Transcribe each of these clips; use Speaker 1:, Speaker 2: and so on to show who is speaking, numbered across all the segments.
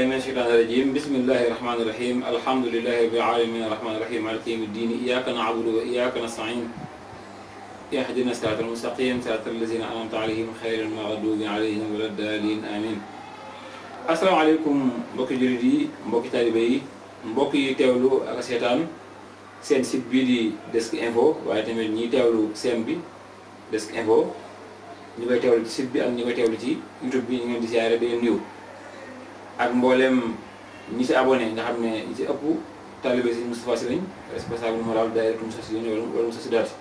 Speaker 1: من الشيطان الرجيم بسم الله الرحمن الرحيم الحمد لله بعالمين الرحمن الرحيم على قيم الدين إياك نعبد وإياك نستعين يهدنا سلاة المستقيم سلاة الذين أمنت عليهم خير المغدوب عليهم ولا الدالين آمين السلام عليكم بوكي جريدي بوكي تالبي بوكي تولو الشيطان سين سيت بي دي ديسك انفو واي تامل ني تولو سين بي ديسك انفو ني باي تولو سيت بي ام ني باي تولو تي يوتيوب بي زياره بي ak mboolem ñi si abonné nga xam ne ñi si ëpp talibé si Moustapha si lañ responsable moral daayiratu Moustarchidine wala wala Moustarchidaty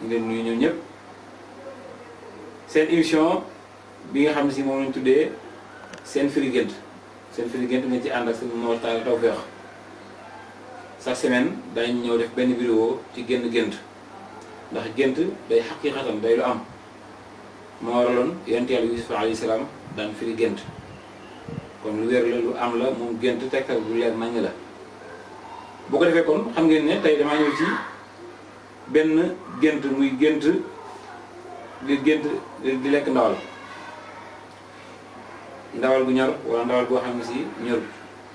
Speaker 1: ñu leen nuyu ñoom ñëpp seen émission bi nga xam ne si moom lañ tuddee seen firi gént seen firi gént nga ci ànd ak seen Mor Talla Tawfekh semaine daañu ñëw def benn vidéo ci génn gént ndax gént day xaqiqatan day lu am moo waraloon yonent Yàlla Yuusufa alayhi salaam daan firi gént kon lu wér la lu am la moom gént tegtal bu leer nañ la boo ko defee kon xam ngeen ne tey damaa ñëw ci benn gént muy gént di gént di lekk ndawal ndawal gu ñor wala ndawal boo xam ne si ñor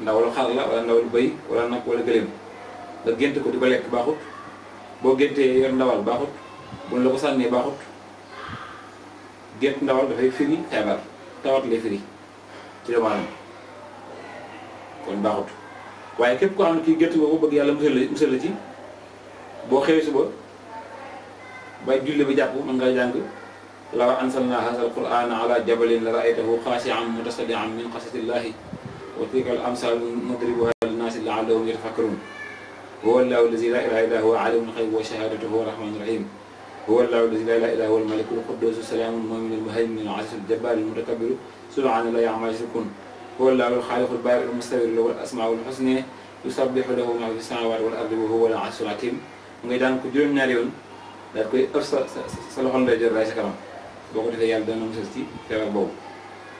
Speaker 1: ndawal xar la wala ndawalu bëy wala nag wala gëléem nga gént ko di ko lekk baaxut boo géntee yor ndawal baaxut buñ la ko sànnee baaxut gént ndawal dafay firi feebar tawat lay firi ci doomu aadama kon baaxut waaye képp ko xam ne kii gerte boobu bëgg yàlla musal la musal la ci boo xëyee suba bay julli ba jàpp mën ngaa jàng wa ansalna haazal qur'aana ala jabalin la ra'aytahu khashi'an mutasaddi'an min qasati llahi wa tilkal amsaalu nadribuhaa linnaasi la'allahum yatafakkaruun هو الله الذي لا اله الا هو عالم الغيب وشهادته هو الرحمن الرحيم هو الله الذي لا اله الا هو الملك القدوس السلام المؤمن المهيمن العزيز الجبار المتكبر سبحان الله عما يشركون kool الله الخالق البارئ المستوي له الأسماء الحسنى يسبح له ما في السماوات والأرض وهو العرش العظيم ngay daan juróom-ñaari yoon daal koy ëpp sa sa sa loxo lay jël raay sa boo ko defee yàlla dana musal ci feebar boobu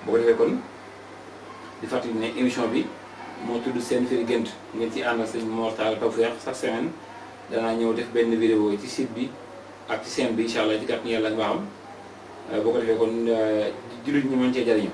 Speaker 1: boo ko kon di fàttali ne émission bi moo tudd seen firi gént ngeen ci àndal sëñ Mor Talla Tawfekh chaque semaine danaa ñëw def benn vidéo ci site bi ak ci chaîne bi incha allah ci kàttan yàlla ak mbaaxam boo ko defee kon euh, jullit ñi mën cee jariñu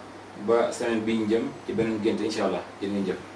Speaker 1: ba semaine bii ñu jëm ci beneen gént incha allah jërë ngeen jëf